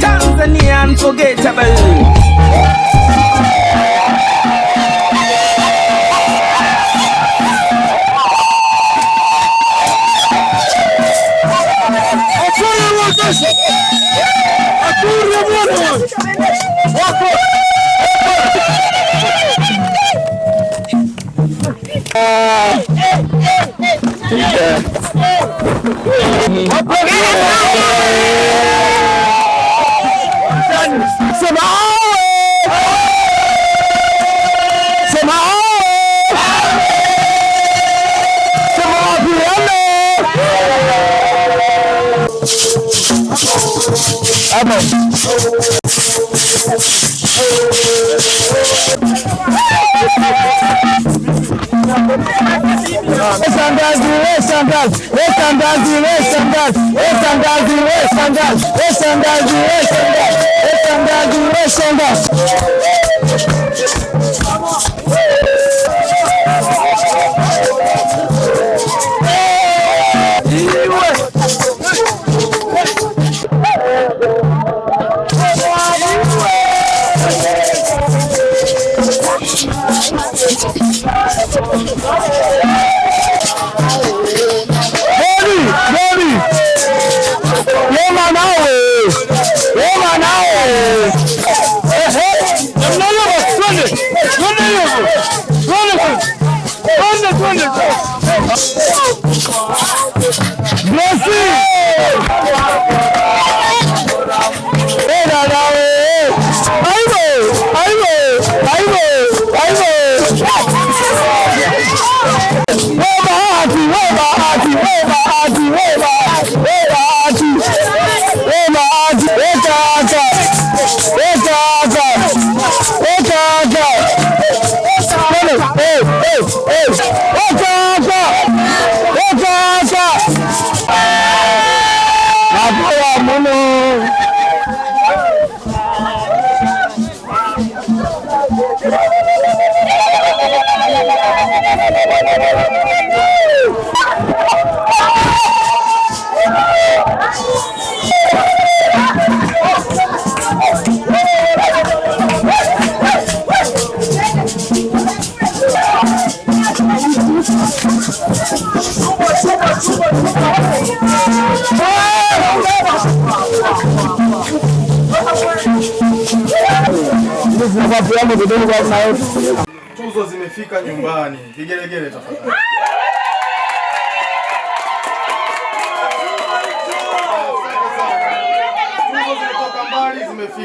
Tanzania unforgettable Ama... Sandal düğme sandal, ve sandal düğme sandal, ve sandal düğme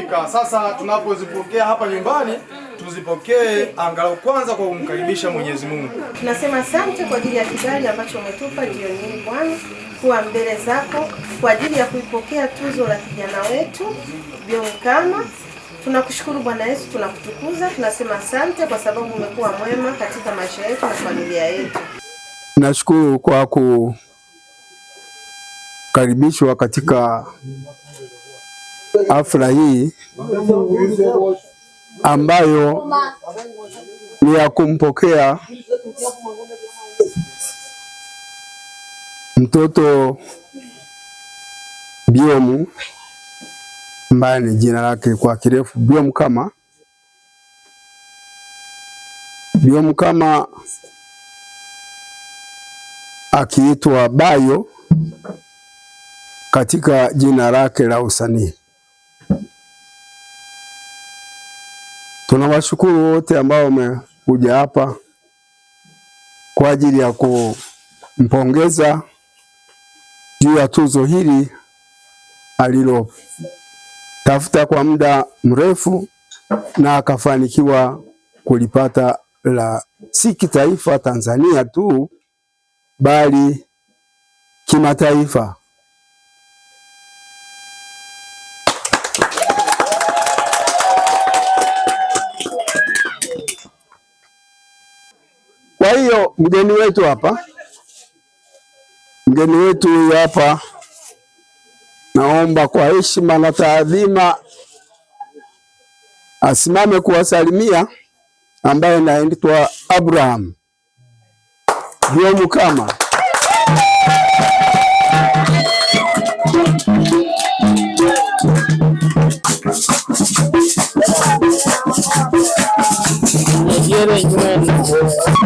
kufika. Sasa tunapozipokea hapa nyumbani, tuzipokee angalau kwanza kwa kumkaribisha Mwenyezi Mungu. Tunasema asante kwa ajili ya kibali ambacho umetupa jioni hii Bwana, kuwa mbele zako kwa ajili ya kuipokea tuzo la kijana wetu Bionkama. Tunakushukuru Bwana Yesu, tunakutukuza, tunasema asante kwa sababu umekuwa mwema katika maisha yetu na familia yetu. Nashukuru kwa kukaribishwa katika hafla hii ambayo ni ya kumpokea mtoto Biomu ambaye ni jina lake kwa kirefu Biomu Kama. Biomu Kama akiitwa Bayo katika jina lake la usanii. Tunawashukuru wote ambao wamekuja hapa kwa ajili ya kumpongeza juu ya tuzo hili alilotafuta kwa muda mrefu na akafanikiwa kulipata la si kitaifa Tanzania tu bali kimataifa. hiyo mgeni wetu hapa, mgeni wetu huyu hapa, naomba kwa heshima na taadhima asimame kuwasalimia, ambaye naitwa Abraham Byomukama.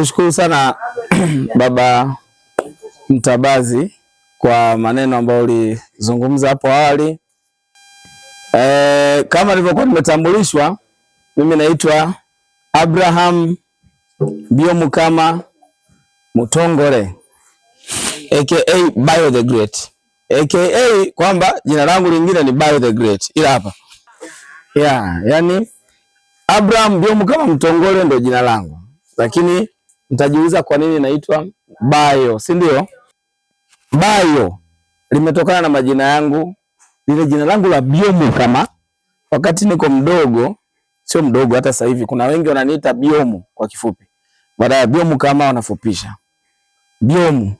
Nakushukuru sana Baba Mtabazi kwa maneno ambayo ulizungumza hapo awali. E, kama nilivyokuwa nimetambulishwa, mimi naitwa Abraham Biomukama Mutongole aka Bio the Great aka kwamba jina langu lingine ni Bio the Great, ila hapa yeah, yani Abraham Biomukama Mtongole ndio jina langu, lakini Mtajiuliza kwa nini inaitwa Bayo, si ndio? Bayo limetokana na majina yangu, lile jina langu la Biomu. Kama wakati niko mdogo, sio mdogo, hata sasa hivi kuna wengi wananiita Biomu kwa kifupi, baada ya Biomu kama wanafupisha Biomu,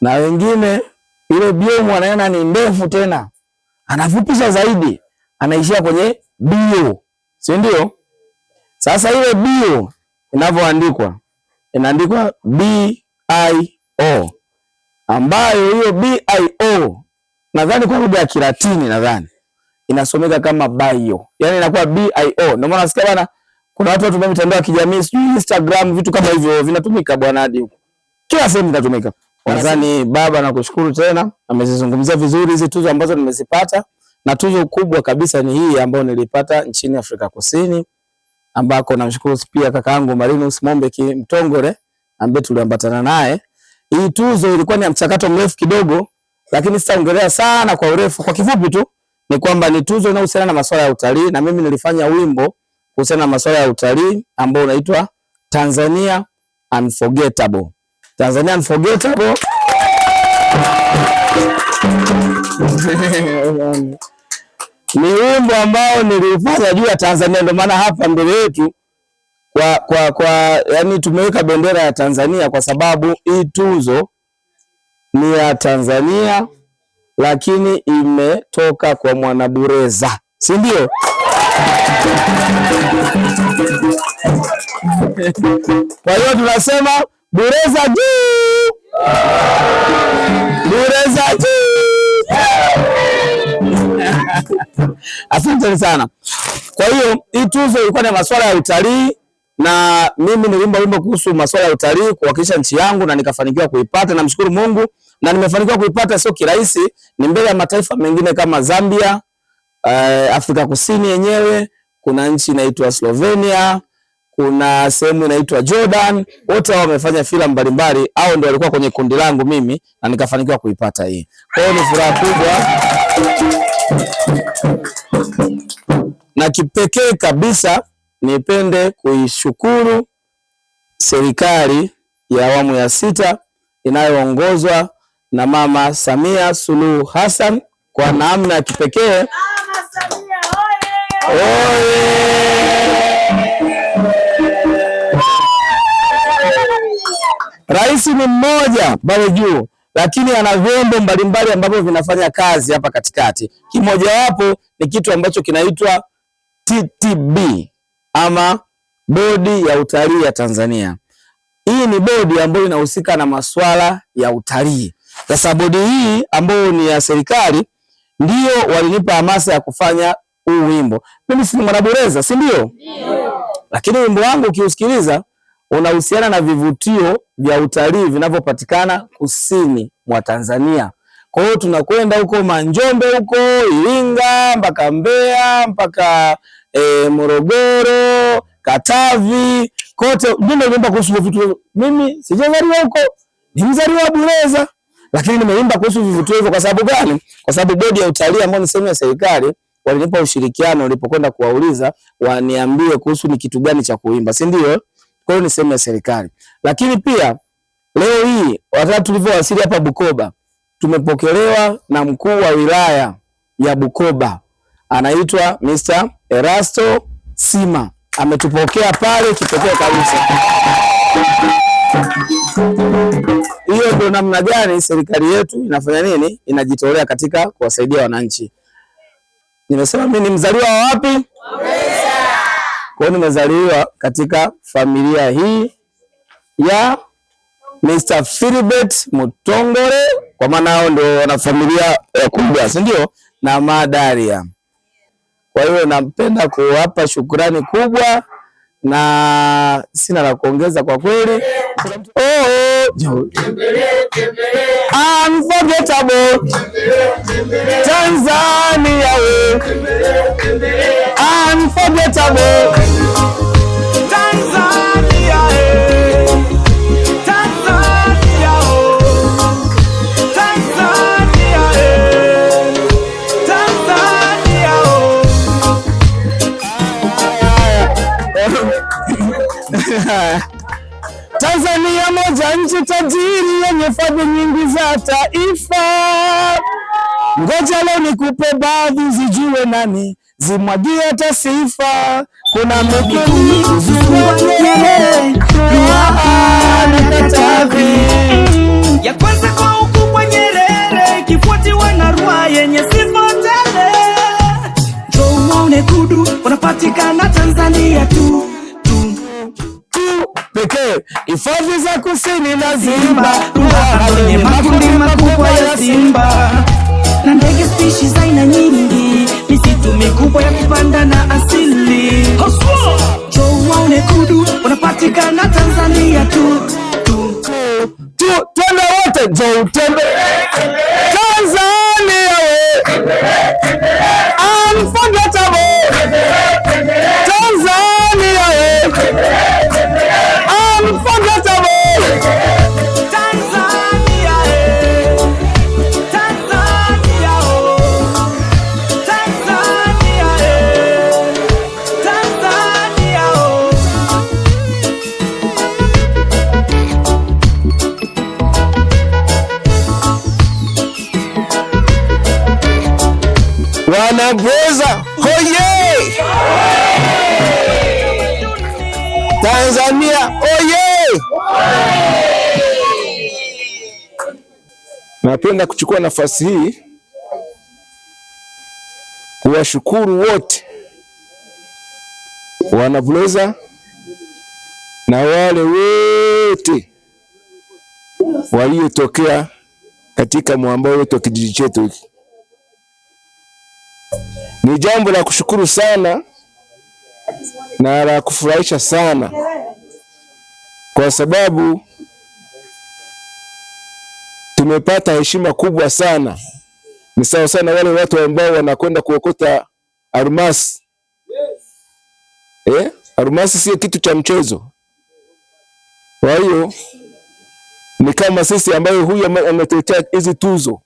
na wengine ile Biomu anaona ni ndefu, tena anafupisha zaidi, anaishia kwenye bio, si ndio? Sasa ile bio inavyoandikwa inaandikwa BIO, ambayo hiyo BIO nadhani kwa lugha ya Kilatini nadhani inasomeka kama bio, yani inakuwa BIO. Ndio maana nasikia bana, kuna watu wanatumia mitandao ya kijamii sijui Instagram, vitu kama hivyo vinatumika bwana, hadi huko kila sehemu inatumika. Nadhani baba, nakushukuru tena, amezizungumzia vizuri hizi tuzo ambazo nimezipata, na tuzo kubwa kabisa ni hii ambayo nilipata nchini Afrika Kusini ambako namshukuru pia kakaangu Marinus Mombe Kimtongore ambaye tuliambatana naye. Hii tuzo ilikuwa ni mchakato mrefu kidogo, lakini sitaongelea sana kwa urefu. Kwa kifupi tu ni kwamba ni tuzo inayohusiana na masuala ya utalii, na mimi nilifanya wimbo kuhusiana na masuala ya utalii ambao unaitwa Tanzania Unforgettable. Tanzania Unforgettable ni wimbo ambao niliufanya juu ya Tanzania, ndio maana hapa mbele yetu kwa, kwa, kwa yani tumeweka bendera ya Tanzania kwa sababu hii tuzo ni ya Tanzania, lakini imetoka kwa Mwanabureza, si ndio? Kwa hiyo tunasema Bureza juu, Bureza juu. Asante sana. Kwa hiyo hii tuzo ilikuwa ni masuala ya utalii na mimi nilimba wimbo kuhusu masuala ya utalii kuhakikisha nchi yangu na nikafanikiwa kuipata, namshukuru Mungu na nimefanikiwa kuipata. Sio kirahisi, ni mbele ya mataifa mengine kama Zambia, eh, Afrika Kusini yenyewe, kuna nchi inaitwa Slovenia, kuna sehemu inaitwa Jordan. Wote hao wamefanya filamu mbalimbali, au ndio walikuwa kwenye kundi langu mimi, na nikafanikiwa kuipata hii. Kwa hiyo ni furaha kubwa. Na kipekee kabisa nipende kuishukuru serikali ya awamu ya sita inayoongozwa na Mama Samia Suluhu Hassan kwa namna ya kipekee Rais ni mmoja pale juu, lakini ana vyombo mbalimbali ambavyo vinafanya kazi hapa katikati. Kimojawapo ni kitu ambacho kinaitwa TTB ama Bodi ya Utalii ya Tanzania. Hii ni bodi ambayo inahusika na masuala ya utalii. Sasa bodi hii ambayo ni ya serikali ndio walinipa hamasa ya kufanya huu wimbo. Mimi si mwanabureza, si ndio? Lakini wimbo wangu ukiusikiliza unahusiana na vivutio vya utalii vinavyopatikana kusini mwa Tanzania. Kwa hiyo tunakwenda huko Manjombe, huko Iringa, mpaka Mbeya, mpaka e, Morogoro, Katavi, kote ndio nimeimba kuhusu vivutio. Mimi sijazaliwa huko, ni mzaliwa wa Buleza, lakini nimeimba kuhusu vivutio hivyo. Kwa sababu gani? Kwa sababu bodi ya utalii ambayo ni sehemu ya serikali walinipa ushirikiano, nilipokwenda kuwauliza waniambie kuhusu ni kitu gani cha kuimba, si ndio? Kwa hiyo ni sehemu ya serikali. Lakini pia leo hii wakati tulivyowasili hapa Bukoba tumepokelewa na mkuu wa wilaya ya Bukoba anaitwa Mr. Erasto Sima, ametupokea pale kipekee kabisa. Hiyo ndio namna gani serikali yetu inafanya nini, inajitolea katika kuwasaidia wananchi. Nimesema mimi ni mzaliwa wa wapi? Kwa hiyo nimezaliwa katika familia hii ya Mr. Philbert Mutongole, kwa maana hao ndio wanafamilia kubwa, si ndio? na Madaria. Kwa hiyo nampenda kuwapa shukrani kubwa na sina la kuongeza kwa kweli. Oh, oh. unforgettable Tanzania, unforgettable hifadhi nyingi za taifa. Ngoja leo nikupe baadhi, zijue nani zimwagie hata sifa. Kuna ya kwanza kwa ukubwa Nyerere, kifuatiwa na rua yenye sifa tele. Njoo uone kudu wanapatikana Tanzania tu hifadhi za kusini na Simba, wenye makundi makubwa ya simba na ndege spishi za aina nyingi, misitu mikubwa ya kupanda na asili. Njoo waone kudu wanapatikana Tanzania tu tu tu, twende wote, njoo utembee Tanzania we Wanagweza hoye! Tanzania oye! Napenda kuchukua nafasi hii kuwashukuru wote Wanagweza na wale wote waliotokea katika mwambao wetu wa kijiji chetu hiki. Ni jambo la kushukuru sana na la kufurahisha sana, kwa sababu tumepata heshima kubwa sana. Ni sawa sana wale watu ambao wanakwenda kuokota almasi eh? Almasi sio kitu cha mchezo. Kwa hiyo ni kama sisi ambayo huyu ametetea hizi tuzo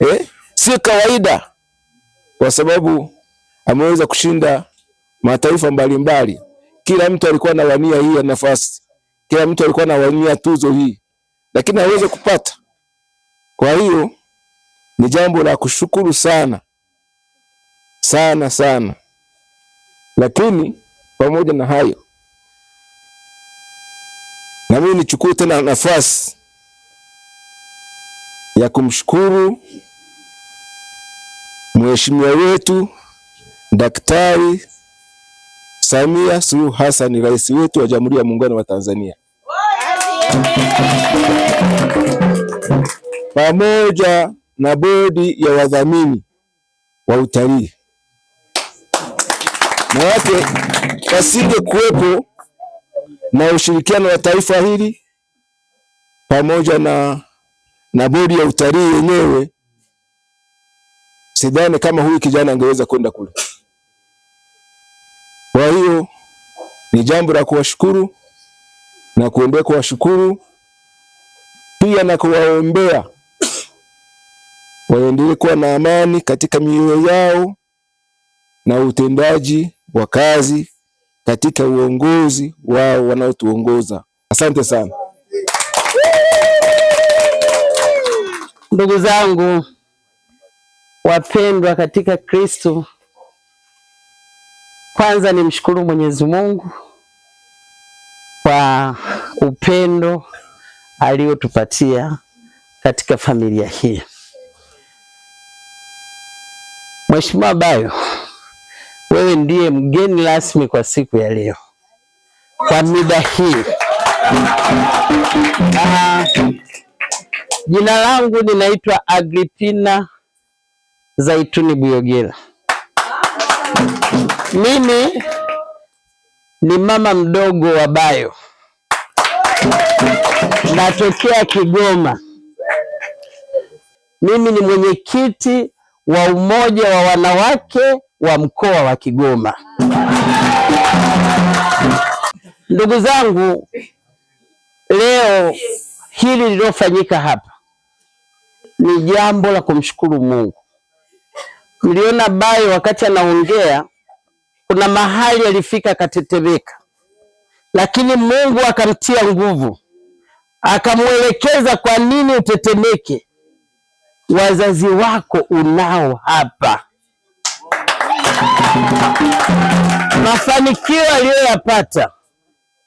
eh? Sio kawaida kwa sababu ameweza kushinda mataifa mbalimbali. Kila mtu alikuwa anawania hii nafasi, kila mtu alikuwa anawania tuzo hii, lakini hawezi kupata. Kwa hiyo ni jambo la kushukuru sana sana sana. Lakini pamoja na hayo, na mimi nichukue tena nafasi ya kumshukuru Mheshimiwa wetu Daktari Samia Suluhu Hassan, rais wetu wa Jamhuri ya Muungano wa Tanzania, pamoja na bodi ya wadhamini wa utalii na wake kuwepo na ushirikiano wa taifa hili pamoja na, na bodi ya utalii yenyewe sidhani kama huyu kijana angeweza kwenda kule. Kwa hiyo ni jambo la kuwashukuru na kuendelea kuwashukuru pia na kuwaombea waendelee kuwa na amani katika mioyo yao na utendaji wa kazi katika uongozi wao wanaotuongoza. Asante sana ndugu zangu. Wapendwa katika Kristo, kwanza nimshukuru Mwenyezi Mungu kwa upendo aliotupatia katika familia hii. Mheshimiwa Bayo, wewe ndiye mgeni rasmi kwa siku ya leo kwa mida hii. Ah, jina langu ninaitwa Agripina Zaituni Buyogera. Mimi ni mama mdogo wa Bayo, natokea Kigoma. Mimi ni mwenyekiti wa umoja wa wanawake wa mkoa wa Kigoma. Ndugu zangu, leo hili lililofanyika hapa ni jambo la kumshukuru Mungu. Niliona Bae wakati anaongea, kuna mahali alifika akatetemeka, lakini Mungu akamtia nguvu, akamwelekeza kwa nini utetemeke, wazazi wako unao hapa. Mafanikio aliyoyapata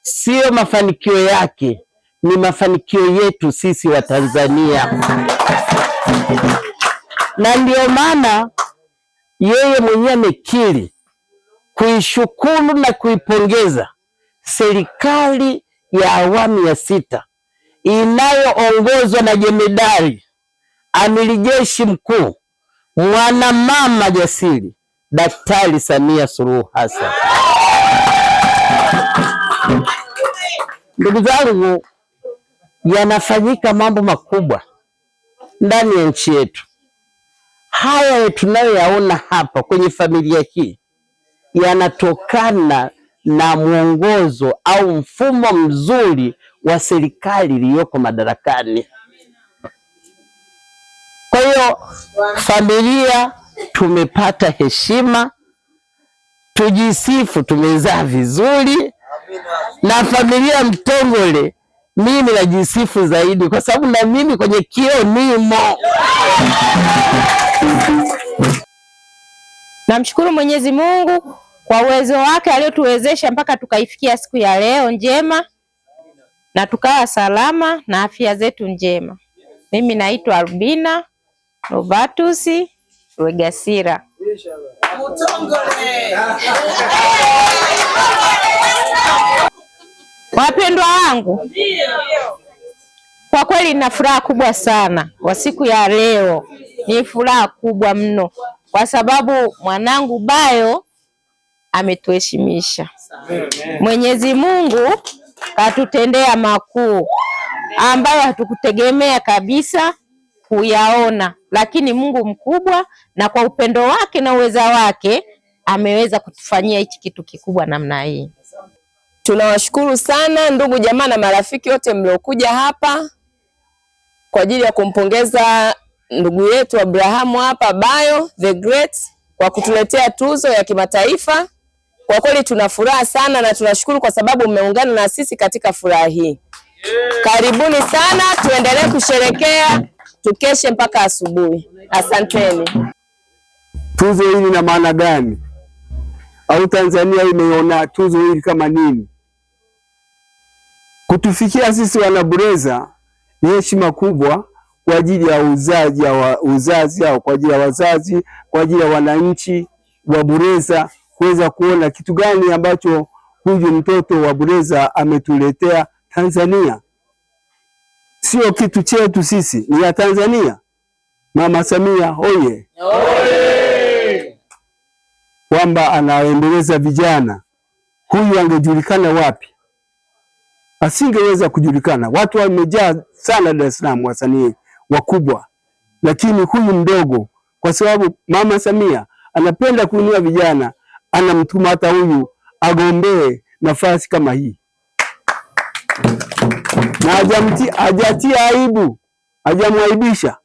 siyo mafanikio yake, ni mafanikio yetu sisi wa tanzania na ndio maana yeye mwenyewe amekiri kuishukuru na kuipongeza serikali ya awamu ya sita inayoongozwa na jemedari amiri jeshi mkuu mwanamama jasiri Daktari Samia Suluhu Hassan. Ndugu zangu, yanafanyika mambo makubwa ndani ya nchi yetu haya tunayoyaona hapa kwenye familia hii yanatokana na mwongozo au mfumo mzuri wa serikali iliyoko madarakani. Kwa hiyo familia tumepata heshima, tujisifu, tumezaa vizuri na familia Mtongole. Mimi najisifu zaidi kwa sababu na mimi kwenye kio nimo Namshukuru Mwenyezi Mungu kwa uwezo wake aliotuwezesha mpaka tukaifikia siku ya leo njema na tukawa salama na afya zetu njema. Mimi naitwa Albina Novatus Rwegasira. Wapendwa wangu, kwa kweli nina furaha kubwa sana kwa siku ya leo, ni furaha kubwa mno kwa sababu mwanangu Bayo ametuheshimisha. Mwenyezi Mungu katutendea makuu ambayo hatukutegemea kabisa kuyaona, lakini Mungu mkubwa, na kwa upendo wake na uweza wake ameweza kutufanyia hichi kitu kikubwa namna hii. Tunawashukuru sana ndugu jamaa na marafiki wote mliokuja hapa kwa ajili ya kumpongeza ndugu yetu Abrahamu hapa Bayo the Great kwa kutuletea tuzo ya kimataifa. Kwa kweli tuna furaha sana na tunashukuru kwa sababu mmeungana na sisi katika furaha hii. Karibuni sana, tuendelee kusherekea, tukeshe mpaka asubuhi. Asanteni. Tuzo hili ina maana gani? Au Tanzania imeona tuzo hili kama nini? Kutufikia sisi wanabureza ni heshima kubwa kwa ajili ya uzazi wa uzazi au kwa ajili ya wazazi, kwa ajili ya wananchi wa Bureza kuweza kuona kitu gani ambacho huyu mtoto wa Bureza ametuletea Tanzania. Sio kitu chetu sisi, ni ya Tanzania. Mama Samia oye, oye! Kwamba anaendeleza vijana, huyu angejulikana wapi? asingeweza kujulikana. Watu wamejaa sana Dar es Salaam, wasanii wakubwa, lakini huyu mdogo, kwa sababu Mama Samia anapenda kuinua vijana, anamtuma hata huyu agombee nafasi kama hii, na hajatia aibu, hajamwaibisha,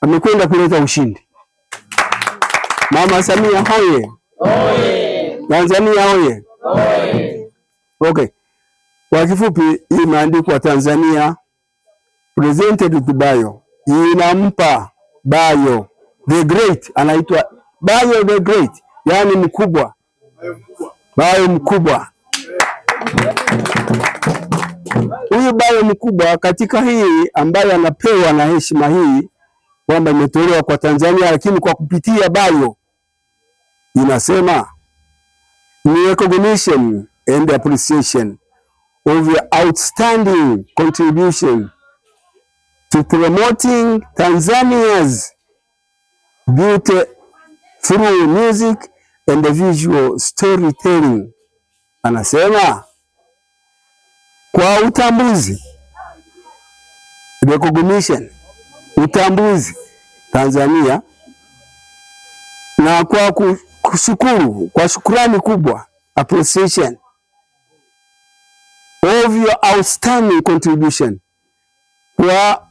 amekwenda kuleta ushindi. Mama Samia hoye! Tanzania hoye! Okay. Kwa kifupi, hii imeandikwa Tanzania presented to Bayo, inampa Bayo the great, anaitwa Bayo the great, yaani mkubwa, Bayo mkubwa. Huyu Bayo mkubwa katika hii ambayo anapewa na heshima hii kwamba imetolewa kwa Tanzania, lakini kwa kupitia Bayo inasema ni recognition and appreciation of your outstanding contribution to promoting Tanzania's beauty through music and the visual storytelling. Anasema kwa utambuzi, recognition, utambuzi Tanzania na kwa kushukuru, kwa shukurani kubwa, appreciation of your outstanding contribution, kwa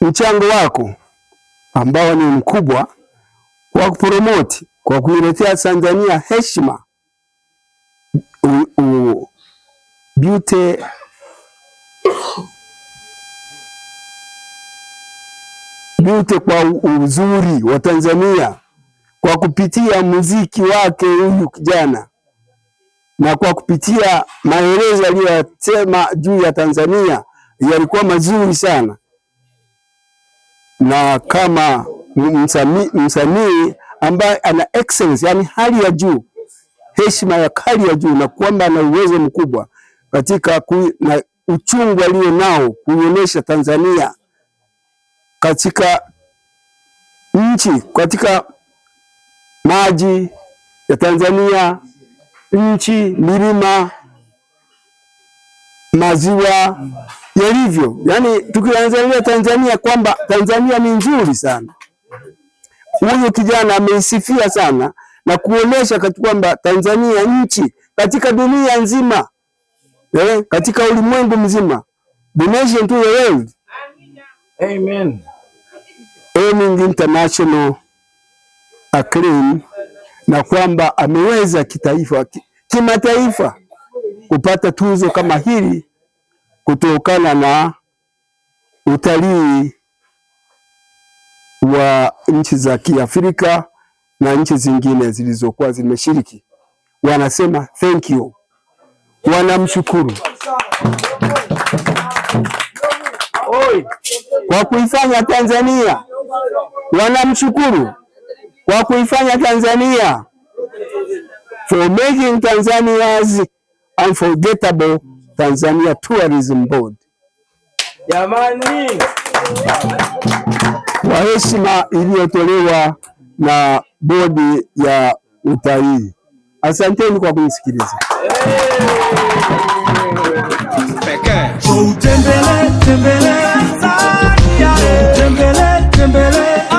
mchango wako ambao ni mkubwa wa kupromoti kwa kuiletea Tanzania heshima beauty beauty kwa uzuri wa Tanzania kwa kupitia muziki wake huyu kijana na kwa kupitia maelezo aliyosema juu ya Tanzania yalikuwa mazuri sana, na kama msanii msanii ambaye ana excellence, yani hali ya juu, heshima ya hali ya juu, na kwamba ana uwezo mkubwa katika kui, na uchungu alio nao kuonyesha Tanzania katika nchi, katika maji ya Tanzania nchi, milima, maziwa yalivyo. Yani tukiangalia Tanzania kwamba Tanzania ni nzuri sana, huyu kijana ameisifia sana na kuonesha kwamba Tanzania nchi katika dunia nzima eh, katika ulimwengu mzima, the nation to the world. Amen. Aiming International acclaim na kwamba ameweza kitaifa, kimataifa kupata tuzo kama hili kutokana na utalii wa nchi za Kiafrika na nchi zingine zilizokuwa zimeshiriki. Wanasema thank you, wanamshukuru kwa kuifanya Tanzania, wanamshukuru kwa kuifanya Tanzania for making Tanzania's unforgettable Tanzania Tourism Board. Jamani, kwa heshima iliyotolewa na bodi ya utalii, asanteni kwa kunisikiliza. Hey.